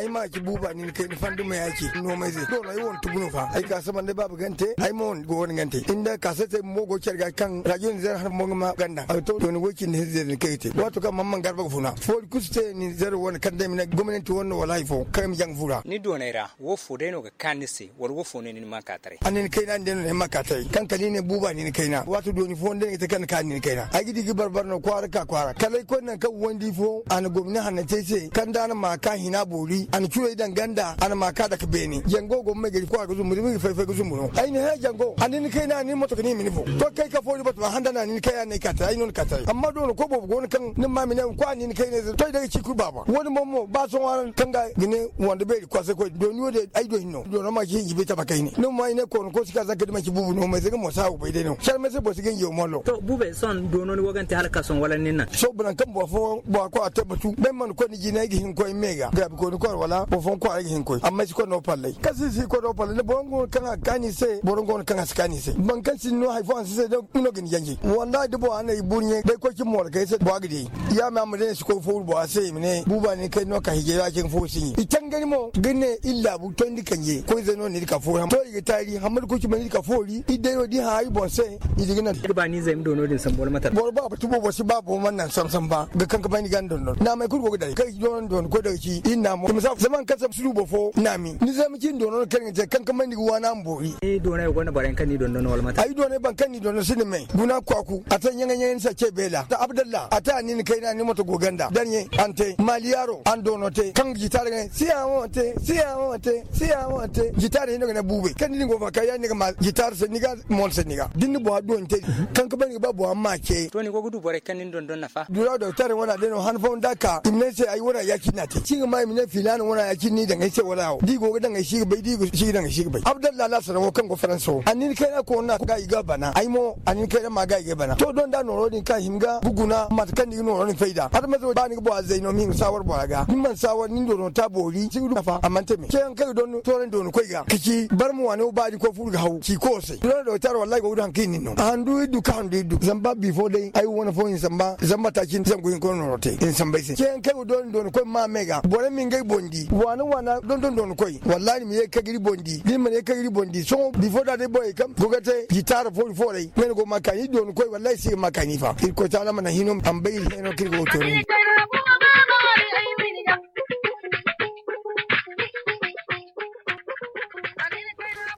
ai ma ki buba ni kai ni fandu mai yake no mai zai dole ai won tubunu fa ai ka saban da babu gante ai mon go won gante inda ka sai mo go kiyar ga kan rajin zai har mon ma ganda a to ni woki ni zai ni kai te wato kan mamman garba funa fo ku ste ni zero won kan da mina gwamnati won wallahi fo kan jang fura ni do naira wo fo dai no ga kan kanise war wo fo ne ni ma ka tare an ni kai na den ne ma ka tare kan kali ne buba ni ni kai na wato do ni fo den ta kan kan ni kai na ai gidi gi barbar barno kwara ka kwara kalai ko nan kan wandi fo an gwamnati hanne ce kan da ma ka hina bori an cure idan ganda an maka da kabeni jango go mega gari kwa guzu muri fe fe guzu muro ai jango an ni kai na ni moto ni mini fo to kai ka fo ba to handa na ni kai na kata ai non kata amma do ko bo go kan ni ma ko ani ni kai ne to da ci ku baba woni momo ba so waran kan ga gine wanda be kwa se ko do ni de ai do hinno do na ma ki jibe ta bakai ne no ma ne ko ko sika zaka ma ki bubu no mai zaka mo sa ubai dai no shar me se bo sigen yo molo to bube son do no ni wagan ta halka son wala ninna so bunan kan bo fo bo ko atabatu ben man ko ni jina gi hin ko mega ga ko ni ko wala bo fon ko ay hin koy amma si ko no palle kasi si ko no palle ne bongo kan kani se borongo kan as kani se man kan si no hay fon se de no gin yanji wanda de bo anay burnye de ko ki mor kay se bo agidi ya ma mu de si ko fo bo ase mine buba ne kai no ka hije ya kin fo si itan gani mo gine illa bu ton di kanje ko ze no ne ka fo ham to yi tari hamar ko ki mani ka fo ri ide no di hay bo se idigina ba ni zai mu dono din san bol mata bol ba tubo bo si ba bo man nan sam sam ba ga kan ka bani gan don na mai kurgo da kai don don ko da ki ina mo musa zaman kasa su bo nami ni zam kin dono kan je kan kan mandi wana mbori e dono ko na baran kan ni dono wal mata ai dono ban kan ni dono sini mai buna kwaku atan yanga yanga sa ce bela ta abdalla ata ni ni kaina ni mata goganda danye ante maliyaro an dono te kan gitare ne siya wonte siya wonte siya wonte gitare ne na bube kan ni ngofa kaya ni ma gitare se ni ga mol se ni ga dinni bo adon te kan kan mandi ba bo amma ke to ni ko gudu bare kan ni dono nafa dura da tare wana deno han fon daka imne se ai wana yakina te cinga mai mine fila nan wana akin ni dangai ce wala digo ga dan shi bai digo shi dan shi bai abdallah la sarawo kan go faranso anin kai na ko na ga iga bana ai mo anin kai ma ga iga bana to don dan no rodin kan himga buguna matkan ni no rodin faida har mazo ba ni bo a no min sawar ba ga nin man sawar nin do no tabori shi du fa amman te me ke an kai don toren don koi ga kiki bar mu wani ba di ko furu ga hawo ki ko sai don do tar wallahi go dan kin nin no an du du kan du du zamba before dey ai wani fo in zamba zamba ta kin zan in ko no rote in zamba bai sai ke an kai don don ko ma mega bore min ga bo bondi wana wana don don don koy wallahi mi ye kagiri bondi ni mi ye kagiri bondi so before that boy kam ko gate gitar fo fo rai eh. men go makani don koy wallahi si makani fa il ko tala mana hinom am bayi heno kirgo to ni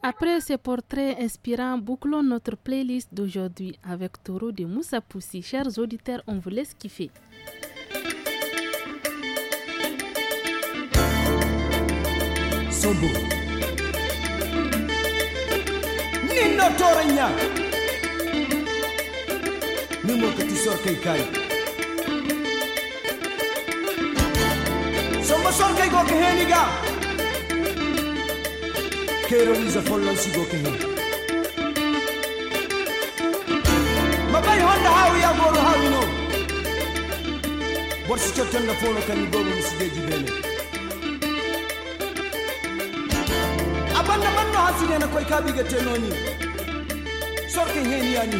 Après ce portrait inspirant, bouclons notre playlist d'aujourd'hui avec Toro de Moussa Poussi. Chers auditeurs, on vous laisse kiffer. sombo ninno tore ña kati ko tisor kay kay sombo sor kay go ke heniga kero ni za follon si go ke hen mabay honda hawi ya goro hawi no borsi cotton na fono kan go mi si deji bene ngena koy kaɓigue te noon ni sorke hen yani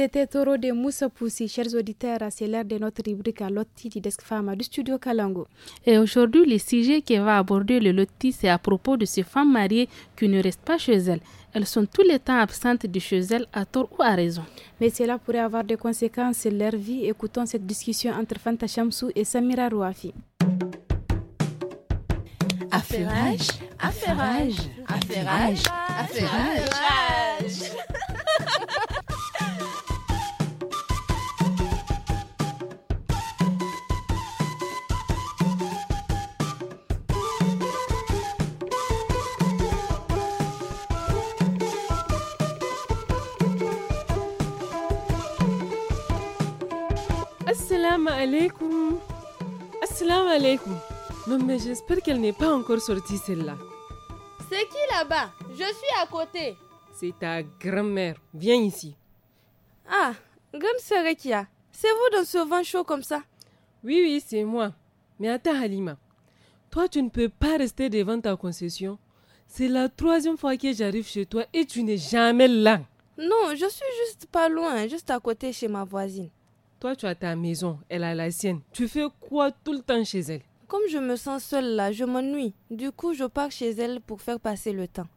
C'était Toro de Moussa Poussi. Chers auditeurs, c'est l'heure de notre rubrique à Lotti du Desk du studio Kalango. Et aujourd'hui, le sujet qui va aborder le Lotti, c'est à propos de ces femmes mariées qui ne restent pas chez elles. Elles sont tous les temps absentes de chez elles à tort ou à raison. Mais cela pourrait avoir des conséquences sur leur vie. Écoutons cette discussion entre Fanta Chamsou et Samira Rouafi. Assalamu alaikum. Assalamu alaikum. Non mais j'espère qu'elle n'est pas encore sortie celle-là. C'est qui là-bas Je suis à côté. C'est ta grand-mère. Viens ici. Ah, grand-sœur Ekia, c'est vous dans ce vent chaud comme ça Oui, oui, c'est moi. Mais attends Halima, toi tu ne peux pas rester devant ta concession. C'est la troisième fois que j'arrive chez toi et tu n'es jamais là. Non, je suis juste pas loin, juste à côté chez ma voisine. Toi, tu as ta maison, elle a la sienne. Tu fais quoi tout le temps chez elle Comme je me sens seule là, je m'ennuie. Du coup, je pars chez elle pour faire passer le temps.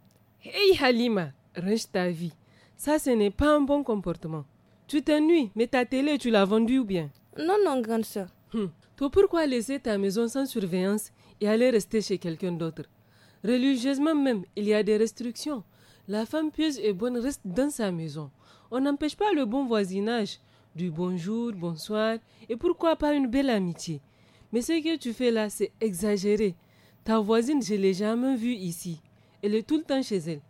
Hey Halima, range ta vie. Ça, ce n'est pas un bon comportement. Tu t'ennuies, mais ta télé, tu l'as vendue ou bien Non, non, grande soeur. Hum. Toi, pourquoi laisser ta maison sans surveillance et aller rester chez quelqu'un d'autre Religieusement même, il y a des restrictions. La femme pieuse et bonne reste dans sa maison. On n'empêche pas le bon voisinage du bonjour, bonsoir, et pourquoi pas une belle amitié. Mais ce que tu fais là, c'est exagéré. Ta voisine, je l'ai jamais vue ici. Elle est tout le temps chez elle.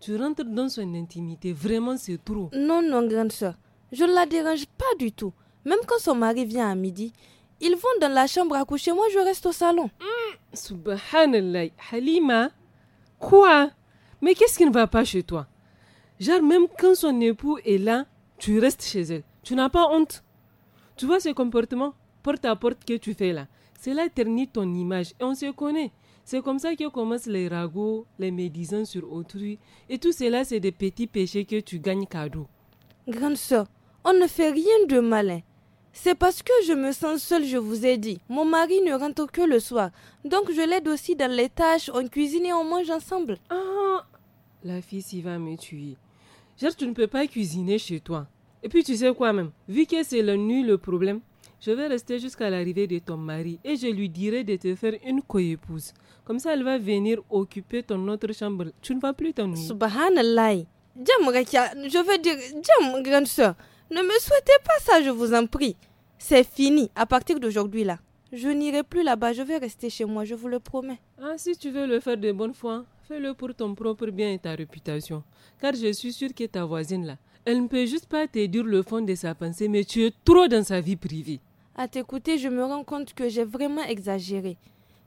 Tu rentres dans son intimité, vraiment c'est trop. Non, non, grande soeur, je ne la dérange pas du tout. Même quand son mari vient à midi, ils vont dans la chambre à coucher, moi je reste au salon. Hum, subhanallah, Halima, quoi Mais qu'est-ce qui ne va pas chez toi Genre, même quand son époux est là, tu restes chez elle. Tu n'as pas honte. Tu vois ce comportement porte à porte que tu fais là. Cela ternit ton image et on se connaît. C'est comme ça que commencent les ragots, les médisances sur autrui. Et tout cela, c'est des petits péchés que tu gagnes cadeau. Grande soeur, on ne fait rien de malin. C'est parce que je me sens seule, je vous ai dit. Mon mari ne rentre que le soir. Donc je l'aide aussi dans les tâches, on cuisine et on mange ensemble. Ah La fille s'y va me tuer. Gère, tu ne peux pas cuisiner chez toi. Et puis tu sais quoi même, vu que c'est la nuit le problème, je vais rester jusqu'à l'arrivée de ton mari et je lui dirai de te faire une coépouse. Comme ça, elle va venir occuper ton autre chambre. Tu ne vas plus t'ennuyer. Subhanallah. Je veux dire, Djam, grande soeur, ne me souhaitez pas ça, je vous en prie. C'est fini, à partir d'aujourd'hui là. Je n'irai plus là-bas, je vais rester chez moi, je vous le promets. Ah, si tu veux le faire de bonne foi, fais-le pour ton propre bien et ta réputation. Car je suis sûre que ta voisine là, elle ne peut juste pas te dire le fond de sa pensée, mais tu es trop dans sa vie privée. À t'écouter, je me rends compte que j'ai vraiment exagéré.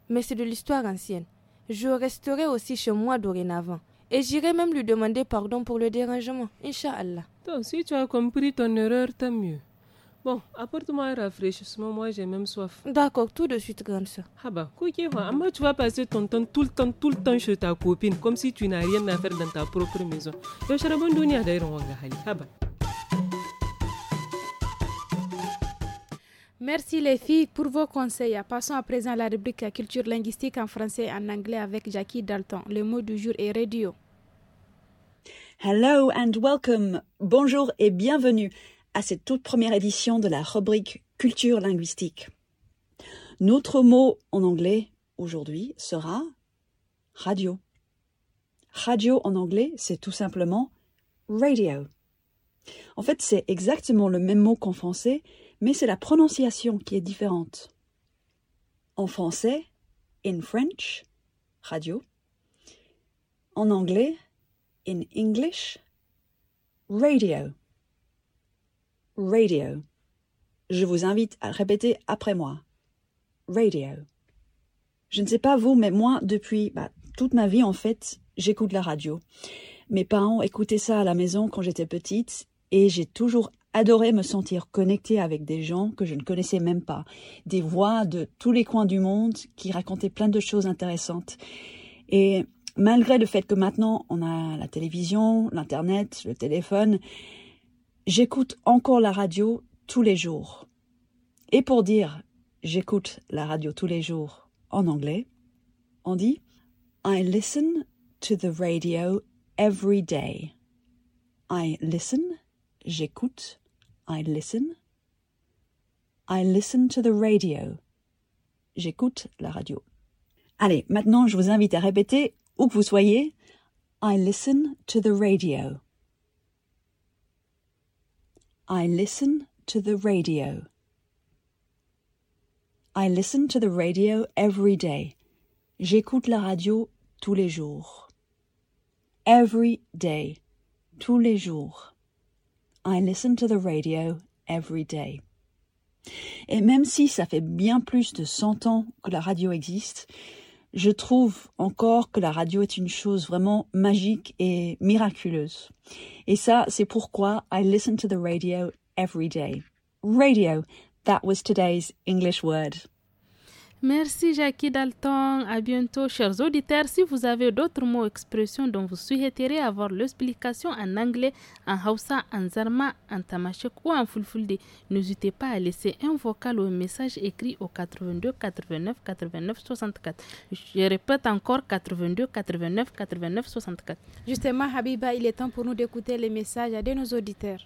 Mais c'est de l'histoire ancienne. Je resterai aussi chez moi dorénavant. Et j'irai même lui demander pardon pour le dérangement, Inch'Allah. Toi aussi tu as compris ton erreur, tant mieux. Bon, apporte-moi un rafraîchissement, moi j'ai même soif. D'accord, tout de suite, grande Ah bah, moi tu vas passer ton temps tout le temps, tout le temps chez ta copine, comme si tu n'as rien à faire dans ta propre maison. bonne bon Dunia d'ailleurs, on va ah bah. Merci les filles pour vos conseils. Passons à présent à la rubrique culture linguistique en français et en anglais avec Jackie Dalton. Le mot du jour est radio. Hello and welcome. Bonjour et bienvenue à cette toute première édition de la rubrique Culture linguistique. Notre mot en anglais aujourd'hui sera radio. Radio en anglais, c'est tout simplement radio. En fait, c'est exactement le même mot qu'en français, mais c'est la prononciation qui est différente. En français, in French, radio. En anglais, in English, radio. Radio. Je vous invite à répéter après moi. Radio. Je ne sais pas vous, mais moi, depuis bah, toute ma vie, en fait, j'écoute la radio. Mes parents écoutaient ça à la maison quand j'étais petite et j'ai toujours adoré me sentir connectée avec des gens que je ne connaissais même pas, des voix de tous les coins du monde qui racontaient plein de choses intéressantes. Et malgré le fait que maintenant on a la télévision, l'Internet, le téléphone, J'écoute encore la radio tous les jours. Et pour dire j'écoute la radio tous les jours en anglais, on dit I listen to the radio every day. I listen, j'écoute, I listen. I listen to the radio. J'écoute la radio. Allez, maintenant je vous invite à répéter, où que vous soyez, I listen to the radio. I listen to the radio. I listen to the radio every day. J'écoute la radio tous les jours. Every day. Tous les jours. I listen to the radio every day. Et même si ça fait bien plus de 100 ans que la radio existe, je trouve encore que la radio est une chose vraiment magique et miraculeuse. Et ça, c'est pourquoi I listen to the radio every day. Radio, that was today's English word. Merci Jackie Dalton. À bientôt, chers auditeurs. Si vous avez d'autres mots, expressions dont vous souhaiteriez avoir l'explication en anglais, en Hausa, en Zarma, en Tamashek ou en Fulfulde, n'hésitez pas à laisser un vocal ou un message écrit au 82 89 89 64. Je répète encore 82 89 89 64. Justement, Habiba, il est temps pour nous d'écouter les messages de nos auditeurs.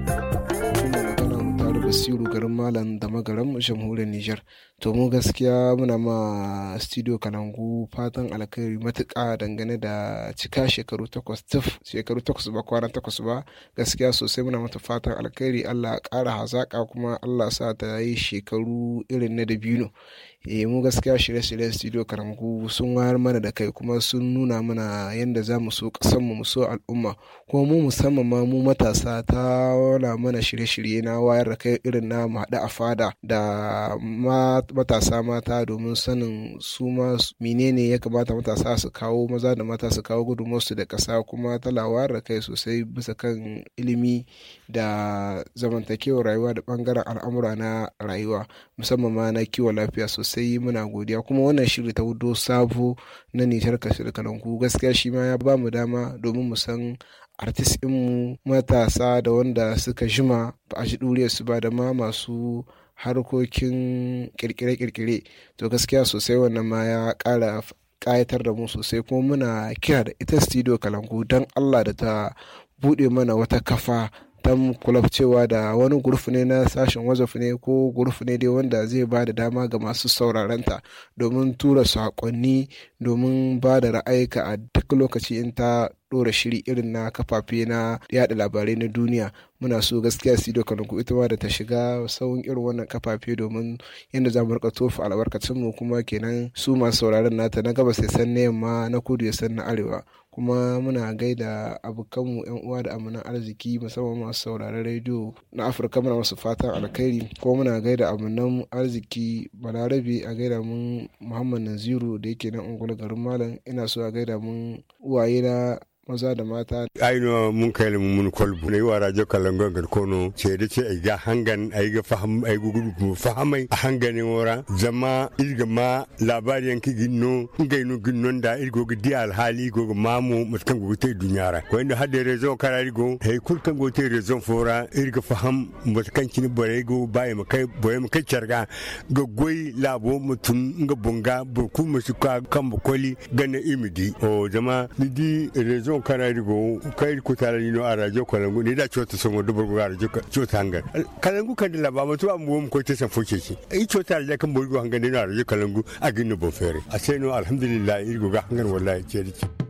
Basiru garin Malam da magaram jamhuriyar Nijar. To mu gaskiya muna ma studio Kalangu fatan alkhairi matuƙa dangane da cika shekaru takwas tuf shekaru takwas ba kwana takwas ba gaskiya sosai muna mata fatan alkhairi Allah ƙara hazaƙa kuma Allah sa ta yi shekaru irin na dabino. e mu gaskiya shirye-shiryen studio karamku sun wayar mana da kai kuma sun nuna mana yadda za mu so kasan mu so al'umma kuma mu musamman ma mu matasa ta wana mana shirye-shirye na wayar da kai irin na mu haɗu a fada da matasa mata domin sanin su ma menene ya kamata matasa su kawo maza da mata su kawo su da ƙasa kuma tala wayar da kai sosai bisa kan ilimi da zamantakewar rayuwa da ɓangaren al'amura na rayuwa musamman ma na kiwon lafiya sosai sosai muna godiya kuma wannan shiri ta wudo sabo na nitar kasir kalanku gaskiya shi ma ya ba mu dama domin mu san artist mu matasa da wanda suka jima ba a ji su ba da ma masu harkokin kirkire-kirkire to gaskiya sosai wannan ma ya ƙara kayatar da mu sosai kuma muna kira da ita studio kalangu don allah da ta buɗe mana wata kafa dan club cewa da wani gurfi ne na sashen wazaf ne ko gurfi ne dai wanda zai ba da dama ga masu sauraranta domin tura saƙonni domin ba da ra'ayika a duk lokaci in ta ɗora shiri irin na kafafe na yada labarai na duniya muna so gaskiya su doka ku ita ma da ta shiga sauran irin wannan kafafe domin yadda za mu rika tofa albarkacin mu kuma kenan su masu sauraron nata na gabas ya san na yamma na kudu ya san na arewa kuma muna gaida abokanmu yan uwa da amanan arziki musamman masu sauraron rediyo na afirka muna masu fatan alkhairi kuma muna gaida amanan arziki balarabe a gaida mun muhammad naziru da yake nan unguwar garin malam ina so a gaida mun uwaye na maza da mata. Aino mun kai limu mun kolbu na yi wa rajo kalangon gar kono ce da ce a ga hangan a ga faham a gugu fahamai a hanganin wara. zama irga ma labari yanki ginno ngai no ginnon da irgo ga di alhali go ga mamu mutkan go te dunyara ko inda hadde rezo karari go hey kulkan go te rezo fora irga faham mutkan kin bare go baye kai boye kai charga ga goyi labo mutum ga bunga burku musuka kan bukoli gane imidi o zama di rezo zo kana radio go kai ku tare ni no ara jo kana ni da chota songo dubar go jo chota hanga kalangu kan la ba mutu am wom ko te san foke ki i chota la kan bo go hanga ni na radio kalangu agin no bo fere a sai no alhamdulillah irgo ga hanga wallahi ce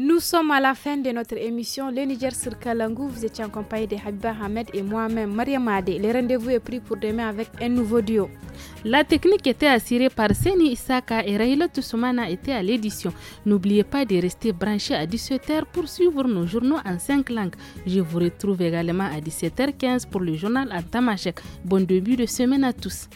Nous sommes à la fin de notre émission Le Niger sur Kalangou. Vous étiez en compagnie de Habiba Ahmed et moi-même, Maria Mahade. Le rendez-vous est pris pour demain avec un nouveau duo. La technique était assurée par Seni Isaka et Raila Toussoumana était à l'édition. N'oubliez pas de rester branché à 17h pour suivre nos journaux en 5 langues. Je vous retrouve également à 17h15 pour le journal en Bon début de semaine à tous.